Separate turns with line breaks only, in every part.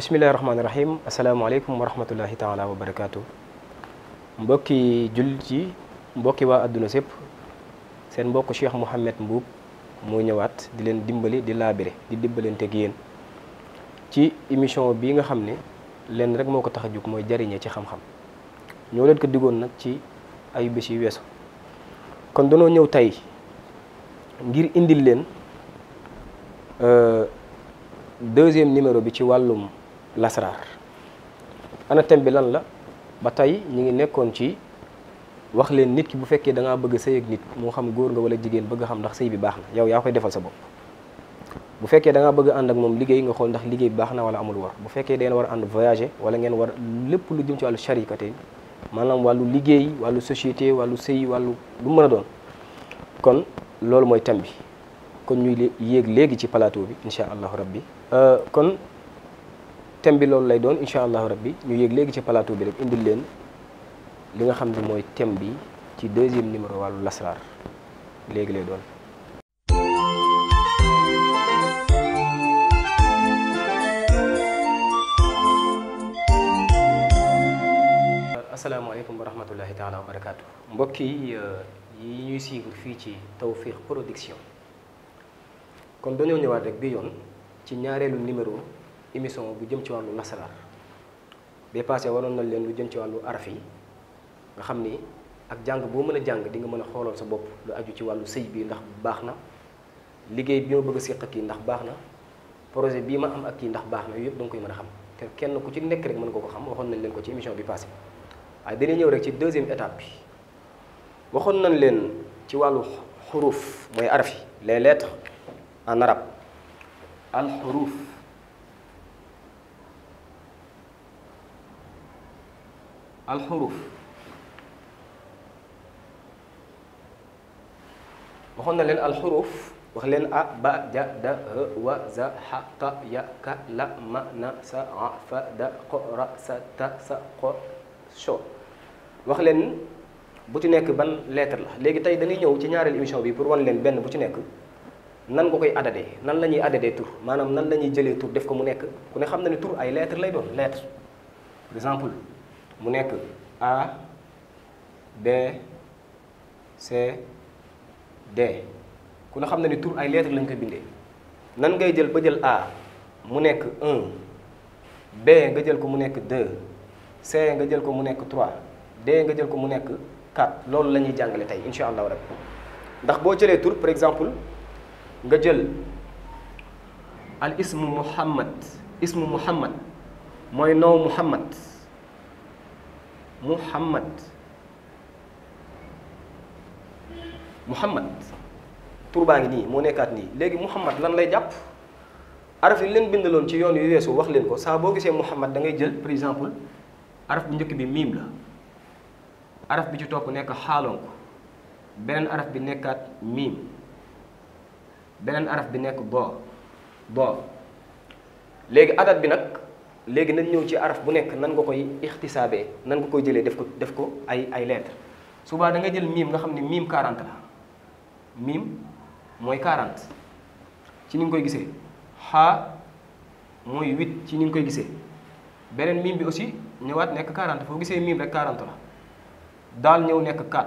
bismillahi rahmaani rahim asalaamaaleykum wa rahmatullahi taala wa barakaatu mbokki jullit yi mbokki waa àdduna sépp seen mbokk Cheikh Mouhamed Mbuub moo ñëwaat di leen dimbali di laabire di dimbalanteeg yéen ci émission bi nga xam ne leen rek moo ko tax a jóg mooy jariñe ci xam-xam ñoo leen ko diggoon nag ci ay bés yu weesu kon danoo ñëw tey ngir indi leen euh, deuxième numéro bi ci wàllum lasaraar ana thème bi lan la ba tey ñu ngi nekkoon ci wax leen nit ki bu fekkee da bëgg a sëy ak nit moo xam góor nga wala jigéen bëgg xam ndax sëy bi baax na yow yaa koy defal sa bopp bu fekkee da ngaa bëgg ànd ak moom liggéey nga xool ndax liggéey bi baax na wala amul war bu fekkee dangeen war a ànd voyager wala ngeen war lépp lu jëm ci wàllu charité maanaam wàllu liggéey wàllu société wàllu sëy wàllu lu mën a doon kon loolu mooy thème bi kon ñuy yéeg léegi ci plateau bi incha allahu rabbi euh, kon thème bi loolu lay doon incha allahu rabbi ñu yéeg léegi ci plateau bi rek indil leen li nga xam ne mooy tem bi ci deuxième numéro wàllu lasraar léegi lay doon asalaamaaleykum wa rahmatullahi taala wa barakaatu mbokk yi euh, yi ñuy suivre fii ci Tawfekh Production kon dañoo ñëwaat rek bi yoon ci ñaareelu numéro émission bu jëm ci wàllu nasaraar bee passé waroon na leen lu jëm ci wàllu araf yi nga xam ni ak jàng boo mën a jàng di nga mën a xooloon sa bopp lu aju ci wàllu sëy bii ndax baax na liggéey bi ma bëgg a ak kii ndax baax na projet bii ma am ak kii ndax baax na yëpp da nga koy mën a xam te kenn ku ci nekk rek mën ko ko xam waxoon nañ leen ko ci émission bi passé waaye dañuy ñëw rek ci deuxième étape bi waxoon nañ leen ci wàllu xuruuf mooy araf yi les lettres en alxuruf waxoon na leen alxuruf wax leen a ba ja da ha wa za xa ta ya ka la ma na sa a fa da qo ra sa ta sa qo sho wax leen bu ci nekk ban lettre la léegi tey dañuy ñëw ci ñaareelu émission bi pour wan leen benn bu ci nekk nan nga koy adadee nan la ñuy adadee tur maanaam nan la ñuy jëlee tur def ko mu nekk ku ne xam na ne tur ay lettre lay doon lettre par exemple mu nekk A B C D ku ne xam na ni tur ay lettres lañ ko bindee nan ngay jël ba jël A mu nekk 1 B nga jël ko mu nekk 2 C nga jël ko mu nekk 3 D nga jël ko mu nekk 4 loolu la ñuy jàngale tey incha allah rabbi ndax boo jëlee tur par exemple nga jël al ismu muhammad ismu muhammad mooy noo muhammad muhammad muhammad tur baa ngi nii moo nekkaat nii léegi muhammad lan lay jàpp araf yi leen bindaloon ci yoon yu weesu wax leen ko saa boo gisee muhammad da ngay jël par exemple araf bu njëkk bi miim la araf bi ci topp nekk xaalonk beneen araf bi nekkaat miim beneen araf bi nekk boo boo léegi adat bi nag léegi nañ ñëw ci araf bu nekk nan nga koy ixtisaabee nan nga koy jëlee def ko def ko ay ay lettres subaa da nga jël miim nga xam ne miim 40 la miim mooy 40 ci ni nga koy gisee xaa mooy 8 ci ni nga koy gisee beneen miim bi aussi ñëwaat nekk 40 foo gisee miim rek 40 la daal ñëw nekk 4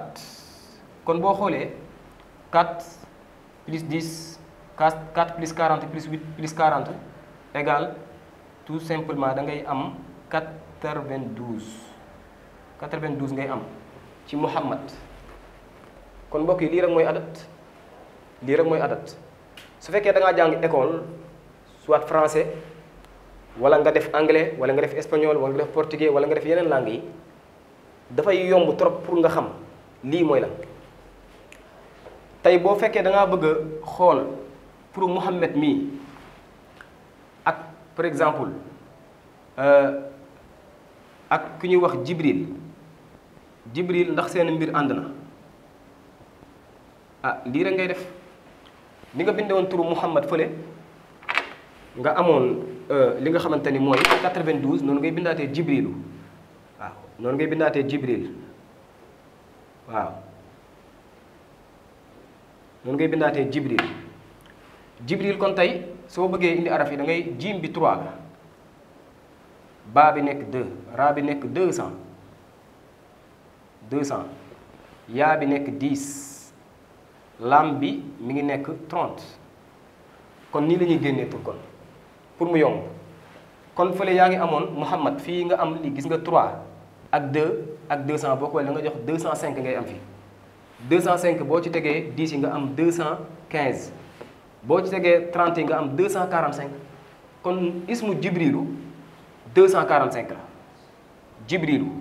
kon boo xoolee 4 plus 10 4 4 plus quarante plus 8 plus 40 égale. tout simplement da ngay am 92 92 ngay am ci Muhammad kon mbokk yi lii rek mooy adat lii rek mooy adat su fekkee dangaa jàng école soit français wala nga def anglais wala nga def espagnol wala nga def portugais wala nga def yeneen langues yi dafay yomb trop pour nga xam lii mooy la tey boo fekkee da ngaa bëgg a xool pour Muhammad mii. par exemple euh, ak ku ñuy wax Jibril Jibril ndax seen mbir ànd na ah lii rek ngay def ni nga bindoon turu Muhammad fële nga amoon euh, li nga xamante ni mooy 92 noonu ngay bindaatee Jibrilu waaw noonu ngay bindaatee Jibril waaw noonu ngay bindaatee Jibril. jibril kon tey soo bëggee indi araf yi da ngay jiim bi 3 baa bi nekk 2 raa bi nekk 200 200 yaa bi nekk 10 lam bi mi ngi nekk 30 kon nii la ñuy génnee tur kon pour mu yomb kon fale yaa ngi amoon Muhammad fii nga am li gis nga 3 ak 2 ak 200 boo ko da nga jox cinq ngay am fii cent 205 boo ci tegee 10 yi nga am quinze boo ci tegee 30 yi nga am deux cent 245 kon ismu jibrilu 245 la jibrilu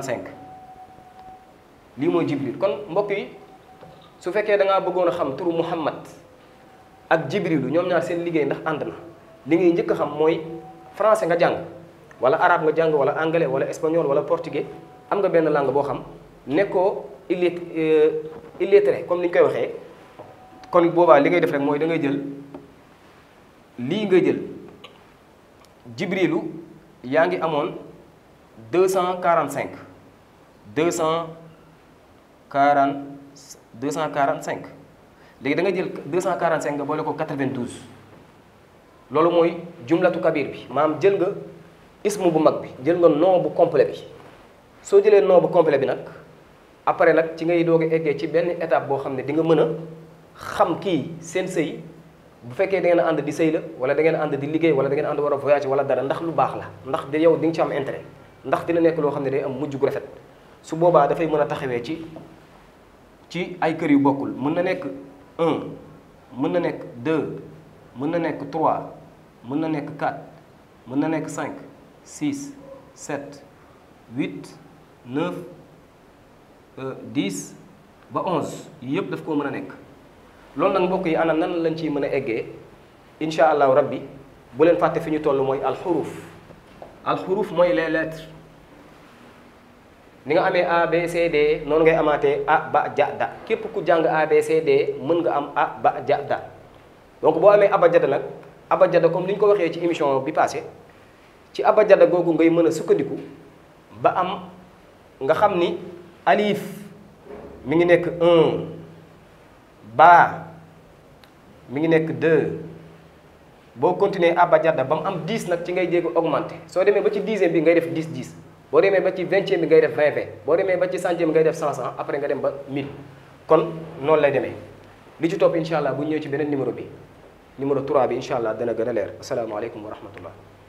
cinq lii mooy jibril kon mbokk yi su fekkee da ngaa bëggoon a xam turu muhammad ak jibrilu ñoom ñaar seen liggéey ndax ànd na li ngay njëkk a xam mooy français nga jàng wala arabe nga jàng wala anglais wala espagnol wala portugais am nga benn langue boo xam nekkoo illet euh, illettré comme ni ñu koy waxee kon boobaa li ngay def rek mooy da ngay jël lii ngay jël jibrilu yaa ngi amoon deux cent quarante cinq deux cent quarante deux cent quarante cinq léegi da nga jël deux cent quarante cinq nga ko quatre vingt loolu mooy jumlatu kabir bi maanaam jël nga ismu bu mag bi jël nga nom bu complet bi soo jëlee nom bu complet bi nag après nag ci ngay doogi eggee ci benn étape boo xam ne dinga nga mën a xam kii seen sëy bu fekkee dangeen ànd di sëy la wala da ngeen ànd di liggéey wala da ngeen ànd war a voyage wala dara ndax lu baax la ndax da yow di nga ci am intérêt ndax dina nekk loo xam ne day am mujj gu rafet su boobaa dafay mën a taxawee ci ci ay kër yu bokkul mën na nekk un mën na nekk deux mën na nekk trois mën na nekk quatre mën na nekk cinq six sept huit neuf euh, dix ba onze yëpp daf koo mën a nekk. loolu nag mbokk yi ana nan lañ ciy mën a eggee incha allahu rabbi bu leen fàtte fi ñu toll mooy alxuruf alxuruf mooy les lettres ni nga amee A B D noonu ngay amaate A ba ja da képp ku jàng A mën nga am A ba ja da donc boo amee abajada nag abajada comme li ñu ko waxee ci émission bi passé ci abajada googu ngay mën a sukkandiku ba am nga xam ni alif mi ngi nekk un baa mi ngi nekk deux boo continuer abajada ba mu am dix nag ci ngay jéego augmenté soo demee ba ci dixième bi ngay def dix dix boo demee ba ci vingtième bi ngay def vingt boo demee ba ci centième bi ngay def cent cent après nga dem ba mille kon noonu lay demee li ci topp incha allah bu ñëwee ci beneen numéro bi numéro 3 bi incha allah dana gën a leer asalaamaaleykum wa rahmatullah